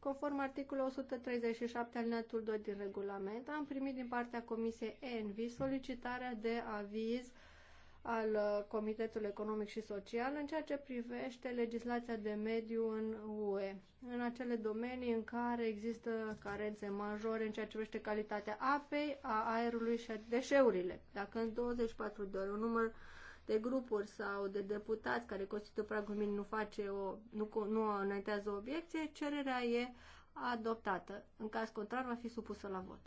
Conform articolul 137 al alineatul 2 din regulament, am primit din partea Comisiei ENVI solicitarea de aviz al uh, Comitetului Economic și Social în ceea ce privește legislația de mediu în UE, în acele domenii în care există carențe majore în ceea ce privește calitatea apei, a aerului și a deșeurile. Dacă în 24 de ore un număr de grupuri sau de deputați care constituie pragul minim nu, face o, nu, nu înaintează o obiecție, cererea e adoptată. În caz contrar, va fi supusă la vot.